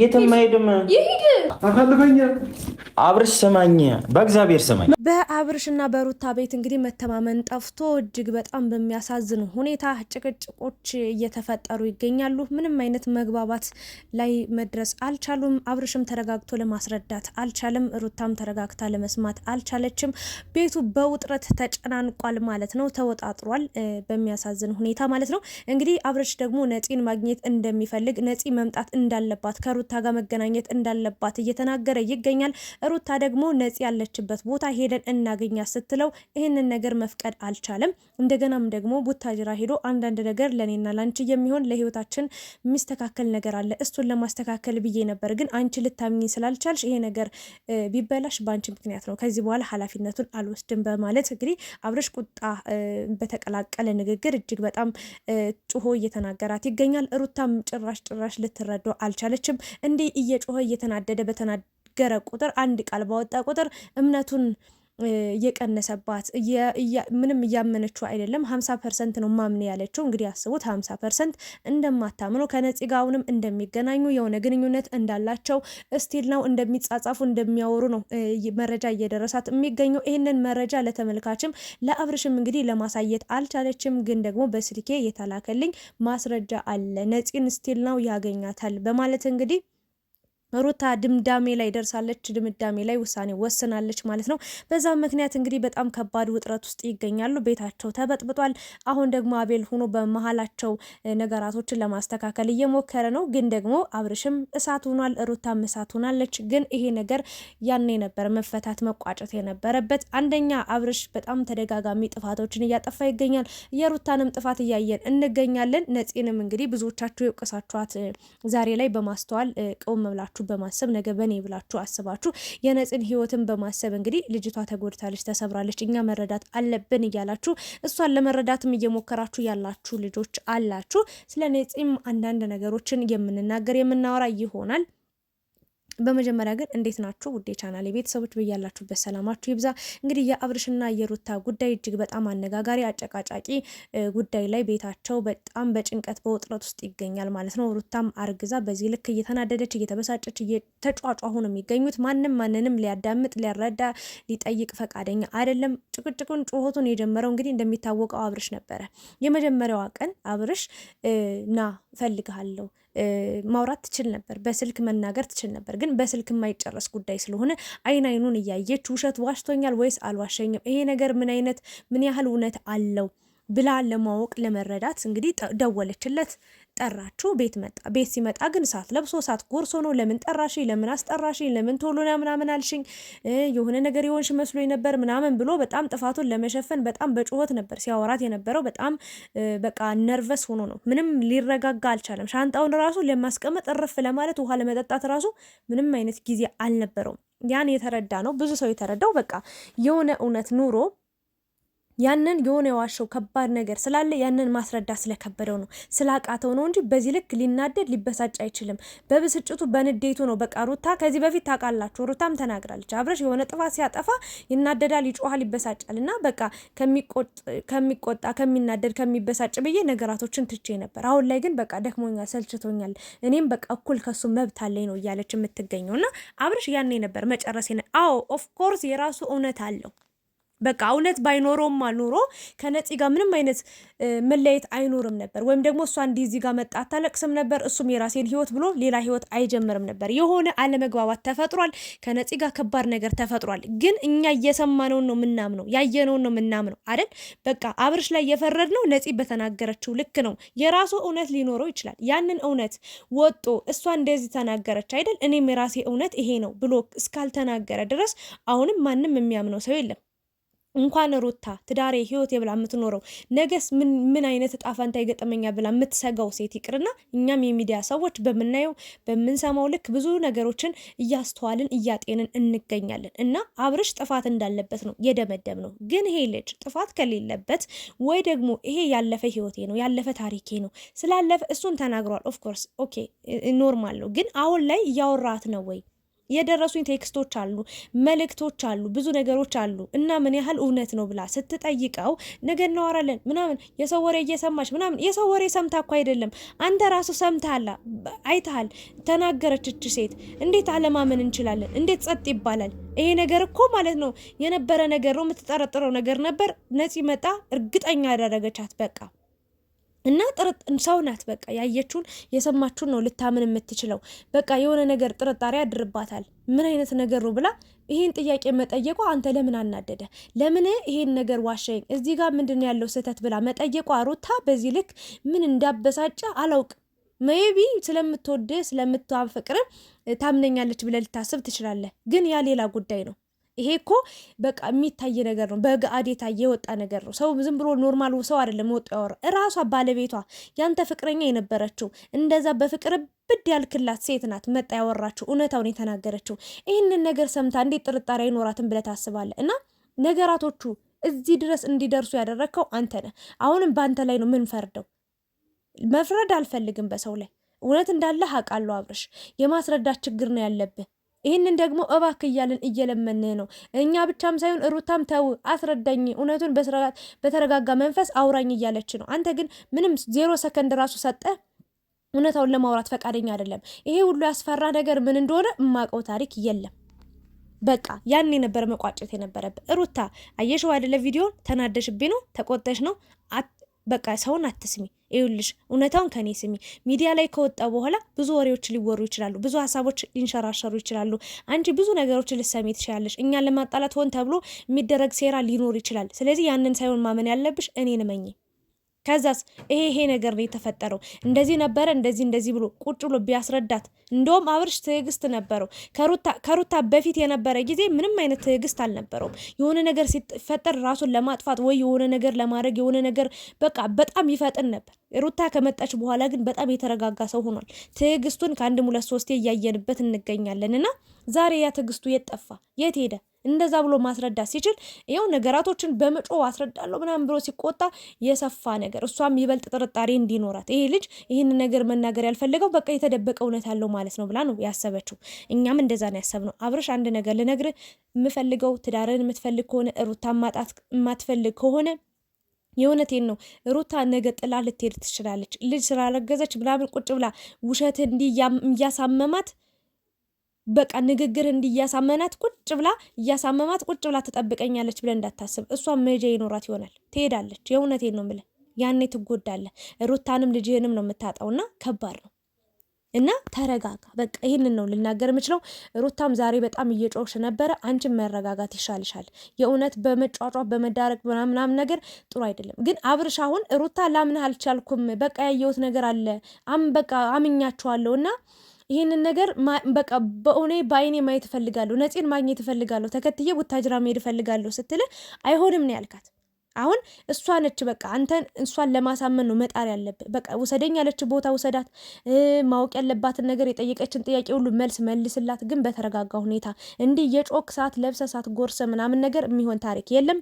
የትም አብርሽ ስማኝ፣ በእግዚአብሔር ስማኝ። በአብርሽ በሩታ ቤት እንግዲህ መተማመን ጠፍቶ እጅግ በጣም በሚያሳዝን ሁኔታ ጭቅጭቆች እየተፈጠሩ ይገኛሉ። ምንም አይነት መግባባት ላይ መድረስ አልቻሉም። አብርሽም ተረጋግቶ ለማስረዳት አልቻለም። ሩታም ተረጋግታ ለመስማት አልቻለችም። ቤቱ በውጥረት ተጨናንቋል ማለት ነው፣ ተወጣጥሯል በሚያሳዝን ሁኔታ ማለት ነው። እንግዲህ አብርሽ አብርሽ ደግሞ ነፂን ማግኘት እንደሚፈልግ ነፂ መምጣት እንዳለባት ከሩታ ጋር መገናኘት እንዳለባት እየተናገረ ይገኛል። ሩታ ደግሞ ነፂ ያለችበት ቦታ ሄደን እናገኛ ስትለው ይህንን ነገር መፍቀድ አልቻለም። እንደገናም ደግሞ ቡታጅራ ሄዶ አንዳንድ ነገር ለእኔና ለአንቺ የሚሆን ለህይወታችን የሚስተካከል ነገር አለ እሱን ለማስተካከል ብዬ ነበር፣ ግን አንቺ ልታምኚኝ ስላልቻልሽ ይሄ ነገር ቢበላሽ በአንቺ ምክንያት ነው። ከዚህ በኋላ ኃላፊነቱን አልወስድም በማለት እንግዲህ አብርሽ ቁጣ በተቀላቀለ ንግግር እጅግ በጣም ጩሆ እየተ እየተናገራት ይገኛል። ሩታም ጭራሽ ጭራሽ ልትረዳው አልቻለችም። እንዲህ እየጮኸ እየተናደደ በተናገረ ቁጥር አንድ ቃል ባወጣ ቁጥር እምነቱን እየቀነሰባት ምንም እያመነችው አይደለም። ሀምሳ ፐርሰንት ነው ማምን ያለችው። እንግዲህ አስቡት ሀምሳ ፐርሰንት እንደማታምነው ከነፂ ጋር አሁንም እንደሚገናኙ የሆነ ግንኙነት እንዳላቸው እስቲል ነው እንደሚጻጻፉ እንደሚያወሩ ነው መረጃ እየደረሳት የሚገኘው። ይህንን መረጃ ለተመልካችም ለአብርሽም እንግዲህ ለማሳየት አልቻለችም። ግን ደግሞ በስልኬ የተላከልኝ ማስረጃ አለ ነፂን እስቲል ነው ያገኛታል በማለት እንግዲህ ሩታ ድምዳሜ ላይ ደርሳለች፣ ድምዳሜ ላይ ውሳኔ ወስናለች ማለት ነው። በዛ ምክንያት እንግዲህ በጣም ከባድ ውጥረት ውስጥ ይገኛሉ። ቤታቸው ተበጥብጧል። አሁን ደግሞ አቤል ሆኖ በመሀላቸው ነገራቶችን ለማስተካከል እየሞከረ ነው። ግን ደግሞ አብርሽም እሳት ሆኗል፣ ሩታም እሳት ሆናለች። ግን ይሄ ነገር ያኔ ነበር መፈታት መቋጨት የነበረበት። አንደኛ አብርሽ በጣም ተደጋጋሚ ጥፋቶችን እያጠፋ ይገኛል። የሩታንም ጥፋት እያየን እንገኛለን። ነፂንም እንግዲህ ብዙዎቻችሁ የውቀሳችኋት ዛሬ ላይ በማስተዋል ቀውም መብላችሁ ብላችሁ በማሰብ ነገ በኔ ብላችሁ አስባችሁ የነጽን ህይወትን በማሰብ እንግዲህ ልጅቷ ተጎድታለች፣ ተሰብራለች፣ እኛ መረዳት አለብን እያላችሁ እሷን ለመረዳትም እየሞከራችሁ ያላችሁ ልጆች አላችሁ። ስለ ነጽም አንዳንድ ነገሮችን የምንናገር የምናወራ ይሆናል። በመጀመሪያ ግን እንዴት ናችሁ ውዴ ቻናል የቤተሰቦች ብያላችሁበት ሰላማችሁ ይብዛ። እንግዲህ የአብርሽና የሩታ ጉዳይ እጅግ በጣም አነጋጋሪ አጨቃጫቂ ጉዳይ ላይ ቤታቸው በጣም በጭንቀት በውጥረት ውስጥ ይገኛል ማለት ነው። ሩታም አርግዛ በዚህ ልክ እየተናደደች እየተበሳጨች እየተጫጫሁ ነው የሚገኙት። ማንም ማንንም ሊያዳምጥ ሊያረዳ ሊጠይቅ ፈቃደኛ አይደለም። ጭቅጭቁን ጩኸቱን የጀመረው እንግዲህ እንደሚታወቀው አብርሽ ነበረ። የመጀመሪያዋ ቀን አብርሽ ና ፈልግሃለሁ ማውራት ትችል ነበር፣ በስልክ መናገር ትችል ነበር። ግን በስልክ የማይጨረስ ጉዳይ ስለሆነ አይን አይኑን እያየች ውሸት ዋሽቶኛል ወይስ አልዋሸኝም፣ ይሄ ነገር ምን አይነት ምን ያህል እውነት አለው ብላ ለማወቅ ለመረዳት እንግዲህ ደወለችለት። ጠራችሁ፣ ቤት መጣ። ቤት ሲመጣ ግን እሳት ለብሶ እሳት ጎርሶ ነው። ለምን ጠራሽኝ? ለምን አስጠራሽኝ? ለምን ቶሎና ምናምን አልሽኝ? የሆነ ነገር የሆንሽ መስሎኝ ነበር ምናምን ብሎ በጣም ጥፋቱን ለመሸፈን በጣም በጩኸት ነበር ሲያወራት የነበረው። በጣም በቃ ነርቨስ ሆኖ ነው፣ ምንም ሊረጋጋ አልቻለም። ሻንጣውን ራሱ ለማስቀመጥ እርፍ ለማለት ውሃ ለመጠጣት ራሱ ምንም አይነት ጊዜ አልነበረውም። ያን የተረዳ ነው ብዙ ሰው የተረዳው በቃ የሆነ እውነት ኑሮ ያንን የሆነ የዋሸው ከባድ ነገር ስላለ ያንን ማስረዳ ስለከበደው ነው ስላቃተው ነው እንጂ በዚህ ልክ ሊናደድ ሊበሳጭ አይችልም። በብስጭቱ በንዴቱ ነው። በቃ ሩታ ከዚህ በፊት ታውቃላችሁ፣ ሩታም ተናግራለች። አብረሽ የሆነ ጥፋት ሲያጠፋ ይናደዳል፣ ይጮሃል፣ ይበሳጫል እና በቃ ከሚቆጣ ከሚናደድ ከሚበሳጭ ብዬ ነገራቶችን ትቼ ነበር። አሁን ላይ ግን በቃ ደክሞኛል፣ ሰልችቶኛል፣ እኔም በቃ እኩል ከሱ መብት አለኝ ነው እያለች የምትገኘው እና አብረሽ ያኔ ነበር መጨረስ። አዎ ኦፍኮርስ የራሱ እውነት አለው። በቃ እውነት ባይኖረውም ኑሮ ከነፂ ጋር ምንም አይነት መለየት አይኖርም ነበር። ወይም ደግሞ እሷ እንዲህ እዚህ ጋር መጣ አታለቅስም ነበር። እሱም የራሴን ህይወት ብሎ ሌላ ህይወት አይጀምርም ነበር። የሆነ አለመግባባት ተፈጥሯል። ከነፂ ጋር ከባድ ነገር ተፈጥሯል። ግን እኛ እየሰማነውን ነው የምናምነው፣ ያየነውን ነው የምናምነው አይደል? በቃ አብርሽ ላይ የፈረድ ነው ነፂ በተናገረችው ልክ ነው። የራሱ እውነት ሊኖረው ይችላል። ያንን እውነት ወጦ እሷ እንደዚህ ተናገረች አይደል፣ እኔም የራሴ እውነት ይሄ ነው ብሎ እስካልተናገረ ድረስ አሁንም ማንም የሚያምነው ሰው የለም። እንኳን ሩታ ትዳሬ ህይወቴ ብላ የምትኖረው ነገስ ምን አይነት እጣ ፈንታ ይገጠመኛ ብላ የምትሰጋው ሴት ይቅርና እኛም የሚዲያ ሰዎች በምናየው በምንሰማው ልክ ብዙ ነገሮችን እያስተዋልን እያጤንን እንገኛለን። እና አብርሽ ጥፋት እንዳለበት ነው የደመደም ነው። ግን ይሄ ልጅ ጥፋት ከሌለበት ወይ ደግሞ ይሄ ያለፈ ህይወቴ ነው ያለፈ ታሪኬ ነው ስላለፈ እሱን ተናግሯል። ኦፍኮርስ ኦኬ ኖርማል ነው። ግን አሁን ላይ እያወራት ነው ወይ የደረሱኝ ቴክስቶች አሉ፣ መልእክቶች አሉ፣ ብዙ ነገሮች አሉ እና ምን ያህል እውነት ነው ብላ ስትጠይቀው ነገ እናወራለን ምናምን የሰው ወሬ እየሰማች ምናምን የሰው ወሬ ሰምታ እኮ አይደለም አንተ ራሱ ሰምተሃል፣ አይተሃል፣ ተናገረችች ሴት። እንዴት አለማመን እንችላለን? እንዴት ጸጥ ይባላል? ይሄ ነገር እኮ ማለት ነው የነበረ ነገር ነው፣ የምትጠረጥረው ነገር ነበር። ነፂ መጣ፣ እርግጠኛ ያደረገቻት በቃ እና ጥርጥ ሰው ናት በቃ ያየችውን የሰማችውን ነው ልታምን የምትችለው። በቃ የሆነ ነገር ጥርጣሬ ያድርባታል። ምን አይነት ነገር ነው ብላ ይህን ጥያቄ መጠየቋ አንተ ለምን አናደደ? ለምን ይሄን ነገር ዋሸኝ፣ እዚህ ጋር ምንድን ያለው ስህተት ብላ መጠየቋ ሩታ በዚህ ልክ ምን እንዳበሳጨ አላውቅም። ሜቢ ስለምትወድ ስለምታፈቅር ታምነኛለች ብለህ ልታስብ ትችላለህ፣ ግን ያ ሌላ ጉዳይ ነው። ይሄ እኮ በቃ የሚታይ ነገር ነው። በገአድ የታየ የወጣ ነገር ነው። ሰው ዝም ብሎ ኖርማል ሰው አይደለም። ወጡ ያወራ እራሷ ባለቤቷ ያንተ ፍቅረኛ የነበረችው እንደዛ በፍቅር ብድ ያልክላት ሴት ናት መጣ ያወራችው እውነታውን የተናገረችው። ይህንን ነገር ሰምታ እንዴት ጥርጣሬ አይኖራትም ብለህ ታስባለህ? እና ነገራቶቹ እዚህ ድረስ እንዲደርሱ ያደረግከው አንተ ነህ። አሁንም በአንተ ላይ ነው ምንፈርደው። መፍረድ አልፈልግም በሰው ላይ እውነት እንዳለ አውቃለሁ አብርሽ። የማስረዳት ችግር ነው ያለብህ ይህንን ደግሞ እባክ እያልን እየለመንህ ነው። እኛ ብቻም ሳይሆን ሩታም ተው አስረዳኝ፣ እውነቱን በተረጋጋ መንፈስ አውራኝ እያለች ነው። አንተ ግን ምንም ዜሮ ሰከንድ ራሱ ሰጠ እውነታውን ለማውራት ፈቃደኛ አይደለም። ይሄ ሁሉ ያስፈራ ነገር ምን እንደሆነ እማቀው ታሪክ የለም። በቃ ያን የነበረ መቋጨት የነበረብህ ሩታ፣ አየሽው አይደለ? ቪዲዮ ተናደሽብኝ ነው ተቆጠሽ ነው በቃ ሰውን አትስሚ። ይኸውልሽ እውነታውን ከኔ ስሚ። ሚዲያ ላይ ከወጣ በኋላ ብዙ ወሬዎች ሊወሩ ይችላሉ፣ ብዙ ሀሳቦች ሊንሸራሸሩ ይችላሉ። አንቺ ብዙ ነገሮች ልሰሚ ትችላለሽ። እኛን ለማጣላት ሆን ተብሎ የሚደረግ ሴራ ሊኖር ይችላል። ስለዚህ ያንን ሳይሆን ማመን ያለብሽ እኔን መኝ ከዛስ ይሄ ይሄ ነገር ነው የተፈጠረው፣ እንደዚህ ነበረ፣ እንደዚህ እንደዚህ ብሎ ቁጭ ብሎ ቢያስረዳት። እንደውም አብርሽ ትዕግስት ነበረው። ከሩታ በፊት የነበረ ጊዜ ምንም አይነት ትዕግስት አልነበረውም። የሆነ ነገር ሲፈጠር ራሱን ለማጥፋት ወይ የሆነ ነገር ለማድረግ የሆነ ነገር በቃ በጣም ይፈጥን ነበር። ሩታ ከመጣች በኋላ ግን በጣም የተረጋጋ ሰው ሆኗል። ትዕግስቱን ከአንድ ሁለት ሶስቴ እያየንበት እንገኛለን። እና ዛሬ ያ ትዕግስቱ የት ጠፋ? የት ሄደ? እንደዛ ብሎ ማስረዳት ሲችል ይኸው ነገራቶችን በመጮ አስረዳለሁ ምናምን ብሎ ሲቆጣ የሰፋ ነገር እሷም ይበልጥ ጥርጣሬ እንዲኖራት ይሄ ልጅ ይህን ነገር መናገር ያልፈለገው በቃ የተደበቀ እውነት አለው ማለት ነው ብላ ነው ያሰበችው። እኛም እንደዛ ነው ያሰብነው። አብረሽ አንድ ነገር ልነግርህ የምፈልገው ትዳርን የምትፈልግ ከሆነ ሩታ ማጣት የማትፈልግ ከሆነ የእውነቴን ነው። ሩታ ነገ ጥላ ልትሄድ ትችላለች። ልጅ ስላረገዘች ምናምን ቁጭ ብላ ውሸት እንዲህ እያሳመማት በቃ ንግግር እንዲህ እያሳመናት ቁጭ ብላ እያሳመማት ቁጭ ብላ ትጠብቀኛለች ብለን እንዳታስብ። እሷ መጃ ይኖራት ይሆናል፣ ትሄዳለች። የእውነቴን ነው የምልህ። ያኔ ትጎዳለህ። ሩታንም ልጅህንም ነው የምታጣውና ከባድ ነው። እና ተረጋጋ። በቃ ይህንን ነው ልናገር የምችለው። ሩታም ዛሬ በጣም እየጮሽ ነበረ። አንቺን መረጋጋት ይሻልሻል። የእውነት በመጫጫ በመዳረቅ ምናምናም ነገር ጥሩ አይደለም። ግን አብርሽ አሁን ሩታ ላምንህ አልቻልኩም፣ በቃ ያየሁት ነገር አለ አም በቃ አምኛችኋለሁ እና ይህንን ነገር በቃ በእኔ በአይኔ ማየት እፈልጋለሁ፣ ነፂን ማግኘት እፈልጋለሁ፣ ተከትዬ ቡታጅራ መሄድ እፈልጋለሁ ስትል አይሆንም ነው ያልካት። አሁን እሷ ነች በቃ አንተን እሷን ለማሳመን ነው መጣር ያለብህ። በቃ ውሰደኝ ያለች ቦታ ውሰዳት። ማወቅ ያለባትን ነገር የጠየቀችን ጥያቄ ሁሉ መልስ መልስላት፣ ግን በተረጋጋ ሁኔታ እንዲህ የጮክ ሰዓት ለብሰ ሰዓት ጎርሰ ምናምን ነገር የሚሆን ታሪክ የለም።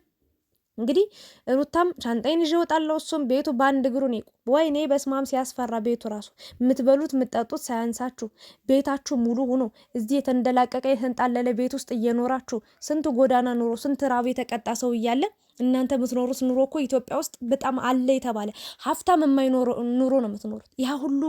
እንግዲህ ሩታም ሻንጣይን ይዤ እወጣለሁ። እሱም ቤቱ በአንድ እግሩ ነው። ወይኔ በስማም ሲያስፈራ ቤቱ ራሱ የምትበሉት የምትጠጡት ሳያንሳችሁ ቤታችሁ ሙሉ ሆኖ እዚህ የተንደላቀቀ የተንጣለለ ቤት ውስጥ እየኖራችሁ ስንት ጎዳና ኑሮ ስንት ራብ የተቀጣ ሰው እያለ እናንተ የምትኖሩት ኑሮ እኮ ኢትዮጵያ ውስጥ በጣም አለ የተባለ ሀብታም የማይኖረው ኑሮ ነው የምትኖሩት። ያ ሁሉ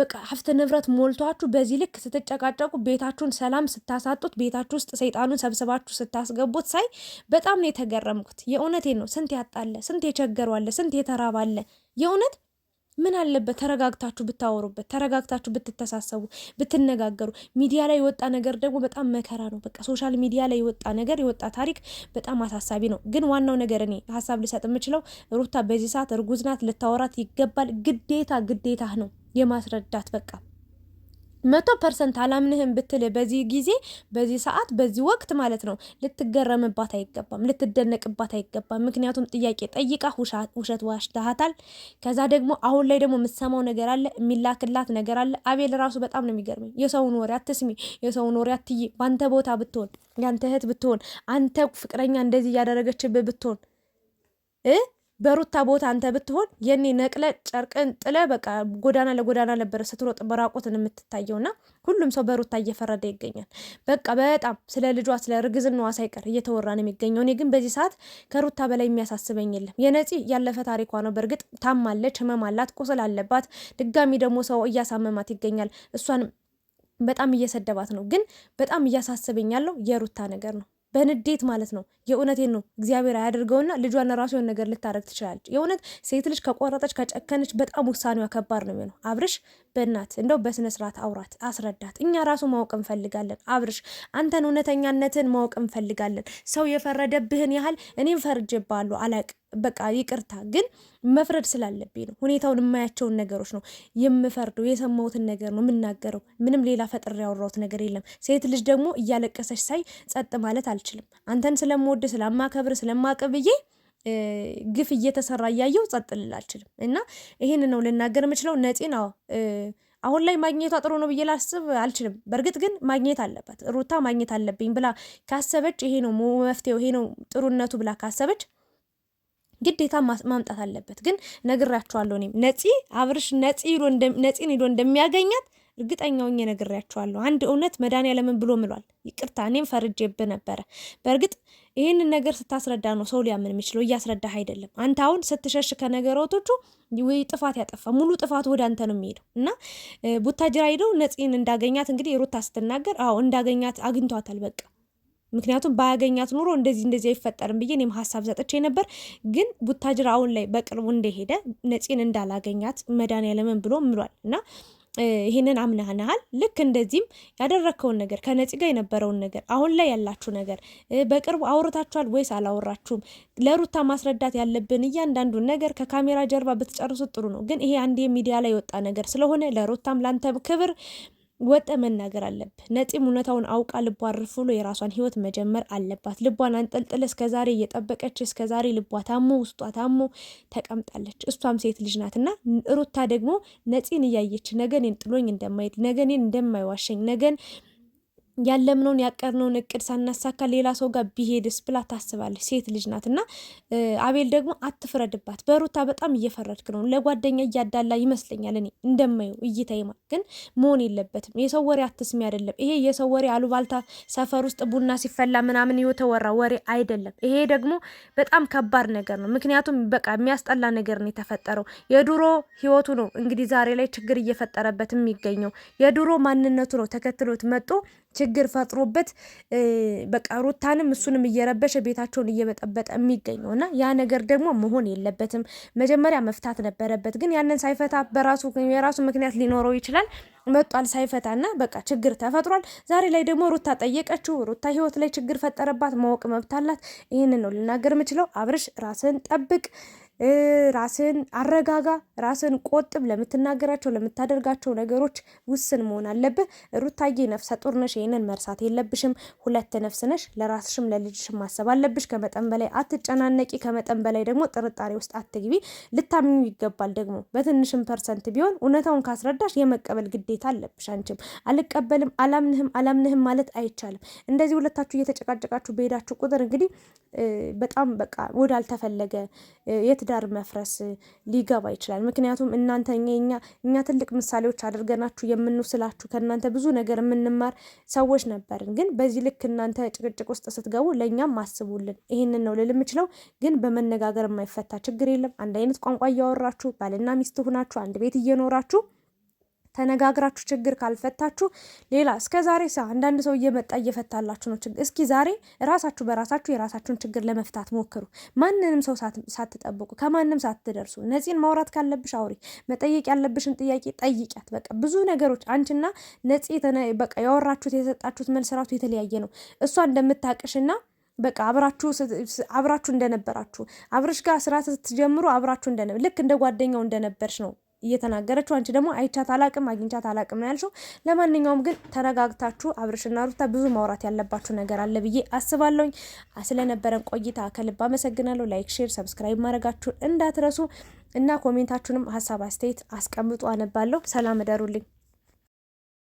በቃ ሀብት ንብረት ሞልቷችሁ በዚህ ልክ ስትጨቃጨቁ፣ ቤታችሁን ሰላም ስታሳጡት፣ ቤታችሁ ውስጥ ሰይጣኑን ሰብስባችሁ ስታስገቡት ሳይ በጣም ነው የተገረምኩት። የእውነቴን ነው። ስንት ያጣለ፣ ስንት የቸገሯለ፣ ስንት የተራባለ የእውነት ምን አለበት ተረጋግታችሁ ብታወሩበት፣ ተረጋግታችሁ ብትተሳሰቡ፣ ብትነጋገሩ። ሚዲያ ላይ የወጣ ነገር ደግሞ በጣም መከራ ነው። በቃ ሶሻል ሚዲያ ላይ የወጣ ነገር የወጣ ታሪክ በጣም አሳሳቢ ነው። ግን ዋናው ነገር እኔ ሀሳብ ልሰጥ የምችለው ሩታ በዚህ ሰዓት እርጉዝ ናት፣ ልታወራት ይገባል። ግዴታ ግዴታ ነው የማስረዳት በቃ መቶ ፐርሰንት አላምንህም ብትል በዚህ ጊዜ በዚህ ሰዓት በዚህ ወቅት ማለት ነው ልትገረምባት አይገባም፣ ልትደነቅባት አይገባም። ምክንያቱም ጥያቄ ጠይቃ ውሸት ዋሽታሃታል። ከዛ ደግሞ አሁን ላይ ደግሞ የምትሰማው ነገር አለ፣ የሚላክላት ነገር አለ። አቤል ራሱ በጣም ነው የሚገርመኝ። የሰውን ወሬ አትስሚ፣ የሰውን ወሬ አትይ። በአንተ ቦታ ብትሆን፣ ያንተ እህት ብትሆን፣ አንተ ፍቅረኛ እንደዚህ እያደረገችብህ ብትሆን በሩታ ቦታ አንተ ብትሆን የኔ ነቅለ ጨርቅን ጥለ በቃ ጎዳና ለጎዳና ነበረ ስትሮጥ በራቆትን የምትታየውና ሁሉም ሰው በሩታ እየፈረደ ይገኛል። በቃ በጣም ስለ ልጇ ስለ እርግዝናዋ ሳይቀር እየተወራ ነው የሚገኘው። እኔ ግን በዚህ ሰዓት ከሩታ በላይ የሚያሳስበኝ የለም። የነፂ ያለፈ ታሪኳ ነው። በእርግጥ ታማለች፣ ህመም አላት፣ ቁስል አለባት። ድጋሚ ደግሞ ሰው እያሳመማት ይገኛል። እሷን በጣም እየሰደባት ነው። ግን በጣም እያሳስበኝ ያለው የሩታ ነገር ነው። በንዴት ማለት ነው። የእውነቴን ነው። እግዚአብሔር አያደርገውና ልጇን ራሱ የሆነ ነገር ልታደርግ ትችላለች። የእውነት ሴት ልጅ ከቆረጠች ከጨከነች፣ በጣም ውሳኔዋ ከባድ ነው የሚሆነው። አብርሽ በእናት እንደው በስነ ስርዓት አውራት፣ አስረዳት። እኛ ራሱ ማወቅ እንፈልጋለን። አብርሽ አንተን እውነተኛነትን ማወቅ እንፈልጋለን። ሰው የፈረደብህን ያህል እኔም ፈርጄብሃለሁ አላቅ በቃ ይቅርታ ግን መፍረድ ስላለብኝ ነው። ሁኔታውን የማያቸውን ነገሮች ነው የምፈርደው። የሰማሁትን ነገር ነው የምናገረው። ምንም ሌላ ፈጥሬ ያወራሁት ነገር የለም። ሴት ልጅ ደግሞ እያለቀሰች ሳይ ጸጥ ማለት አልችልም። አንተን ስለምወድ ስለማከብር ስለማቅብዬ ግፍ እየተሰራ እያየው ጸጥ ልል አልችልም። እና ይህን ነው ልናገር የምችለው። ነፂን አሁን ላይ ማግኘቷ ጥሩ ነው ብዬ ላስብ አልችልም። በእርግጥ ግን ማግኘት አለባት ሩታ ማግኘት አለብኝ ብላ ካሰበች ይሄ ነው መፍትሄው፣ ይሄ ነው ጥሩነቱ ብላ ካሰበች ግዴታ ማምጣት አለበት። ግን ነግሬያቸዋለሁ። እኔም ነፂ አብርሽ ነፂን ሂዶ እንደሚያገኛት እርግጠኛው እኛ ነግሬያቸዋለሁ። አንድ እውነት መድኃኒዓለምን ብሎ ምሏል። ይቅርታ እኔም ፈርጄብህ ነበረ። በእርግጥ ይህንን ነገር ስታስረዳ ነው ሰው ሊያምን የሚችለው። እያስረዳህ አይደለም። አንተ አሁን ስትሸሽ ከነገሮቶቹ ወይ ጥፋት ያጠፋ ሙሉ ጥፋት ወደ አንተ ነው የሚሄደው እና ቡታጅራ ሂደው ነፂን እንዳገኛት እንግዲህ ሩታ ስትናገር አዎ እንዳገኛት አግኝቷታል በቃ ምክንያቱም ባያገኛት ኑሮ እንደዚህ እንደዚህ አይፈጠርም ብዬ እኔም ሀሳብ ሰጥቼ ነበር። ግን ቡታጅራ አሁን ላይ በቅርቡ እንደሄደ ነፂን እንዳላገኛት መድኃኒዓለምን ብሎ ምሏል እና ይህንን አምናህናሃል ልክ እንደዚህም ያደረግከውን ነገር ከነፂ ጋር የነበረውን ነገር አሁን ላይ ያላችሁ ነገር በቅርቡ አውርታችኋል ወይስ አላወራችሁም? ለሩታ ማስረዳት ያለብን እያንዳንዱን ነገር ከካሜራ ጀርባ ብትጨርሱት ጥሩ ነው። ግን ይሄ አንድ የሚዲያ ላይ የወጣ ነገር ስለሆነ ለሩታም ላንተም ክብር ወጠ መናገር አለብህ። ነፂም እውነታውን አውቃ ልቧ አርፍ ብሎ የራሷን ህይወት መጀመር አለባት። ልቧን አንጠልጥል እስከዛሬ እየጠበቀች እስከዛሬ ልቧ ታሞ ውስጧ ታሞ ተቀምጣለች። እሷም ሴት ልጅ ናትና ሩታ ደግሞ ነፂን እያየች ነገን ጥሎኝ እንደማይሄድ ነገን እንደማይዋሸኝ ነገን ያለምነውን ያቀርነውን እቅድ ሳናሳካ ሌላ ሰው ጋር ቢሄድስ ብላ ታስባለች። ሴት ልጅ ናት እና አቤል ደግሞ አትፍረድባት። በሩታ በጣም እየፈረድክ ነው። ለጓደኛ እያዳላ ይመስለኛል እኔ እንደማየው እይታ ግን መሆን የለበትም። የሰው ወሬ አትስሚ አይደለም ይሄ የሰው ወሬ አሉባልታ፣ ሰፈር ውስጥ ቡና ሲፈላ ምናምን የተወራ ወሬ አይደለም። ይሄ ደግሞ በጣም ከባድ ነገር ነው። ምክንያቱም በቃ የሚያስጠላ ነገር ነው የተፈጠረው። የድሮ ህይወቱ ነው እንግዲህ ዛሬ ላይ ችግር እየፈጠረበት የሚገኘው የድሮ ማንነቱ ነው ተከትሎት መጦ ችግር ፈጥሮበት በቃ ሩታንም እሱንም እየረበሸ ቤታቸውን እየበጠበጠ የሚገኘው እና ያ ነገር ደግሞ መሆን የለበትም። መጀመሪያ መፍታት ነበረበት። ግን ያንን ሳይፈታ በራሱ የራሱ ምክንያት ሊኖረው ይችላል። መጧል ሳይፈታ እና በቃ ችግር ተፈጥሯል። ዛሬ ላይ ደግሞ ሩታ ጠየቀችው። ሩታ ህይወት ላይ ችግር ፈጠረባት። ማወቅ መብት አላት። ይህንን ነው ልናገር የምችለው። አብርሽ ራስን ጠብቅ። ራስን አረጋጋ፣ ራስን ቆጥብ፣ ለምትናገራቸው ለምታደርጋቸው ነገሮች ውስን መሆን አለብህ። ሩታዬ ነፍሰ ጡር ነሽ፣ ይህንን መርሳት የለብሽም። ሁለት ነፍስ ነሽ፣ ለራስሽም ለልጅሽም ማሰብ አለብሽ። ከመጠን በላይ አትጨናነቂ፣ ከመጠን በላይ ደግሞ ጥርጣሬ ውስጥ አትግቢ። ልታምኙ ይገባል ደግሞ በትንሽም ፐርሰንት ቢሆን እውነታውን ካስረዳሽ የመቀበል ግዴታ አለብሽ። አንቺም አልቀበልም፣ አላምንህም፣ አላምንህም ማለት አይቻልም። እንደዚህ ሁለታችሁ እየተጨቃጨቃችሁ በሄዳችሁ ቁጥር እንግዲህ በጣም በቃ ወዳልተፈለገ የት የትዳር መፍረስ ሊገባ ይችላል። ምክንያቱም እናንተ እኛ ትልቅ ምሳሌዎች አድርገናችሁ የምንውስላችሁ ከእናንተ ብዙ ነገር የምንማር ሰዎች ነበርን። ግን በዚህ ልክ እናንተ ጭቅጭቅ ውስጥ ስትገቡ ለእኛም አስቡልን። ይህንን ነው ልል የምችለው። ግን በመነጋገር የማይፈታ ችግር የለም። አንድ አይነት ቋንቋ እያወራችሁ ባልና ሚስት ሆናችሁ አንድ ቤት እየኖራችሁ ተነጋግራችሁ ችግር ካልፈታችሁ ሌላ እስከ ዛሬ ሰ አንዳንድ ሰው እየመጣ እየፈታላችሁ ነው ችግር። እስኪ ዛሬ ራሳችሁ በራሳችሁ የራሳችሁን ችግር ለመፍታት ሞክሩ። ማንንም ሰው ሳትጠብቁ፣ ከማንም ሳትደርሱ። ነፂን ማውራት ካለብሽ አውሪ፣ መጠየቅ ያለብሽን ጥያቄ ጠይቂያት። በቃ ብዙ ነገሮች አንቺና ነፂ በቃ ያወራችሁት የሰጣችሁት መልስ ራሱ የተለያየ ነው። እሷ እንደምታቅሽና በቃ አብራችሁ አብራችሁ እንደነበራችሁ አብረሽ ጋር ስራ ስትጀምሩ አብራችሁ ልክ እንደ ጓደኛው እንደነበርሽ ነው እየተናገረችው አንቺ ደግሞ አይቻት አላቅም አግኝቻት አላቅም ነው ያልሽው። ለማንኛውም ግን ተረጋግታችሁ አብርሽና ሩታ ብዙ ማውራት ያለባችሁ ነገር አለ ብዬ አስባለሁኝ። ስለነበረን ቆይታ ከልብ አመሰግናለሁ። ላይክ፣ ሼር፣ ሰብስክራይብ ማድረጋችሁን እንዳትረሱ እና ኮሜንታችሁንም ሀሳብ አስተያየት አስቀምጡ። አነባለሁ። ሰላም እደሩልኝ።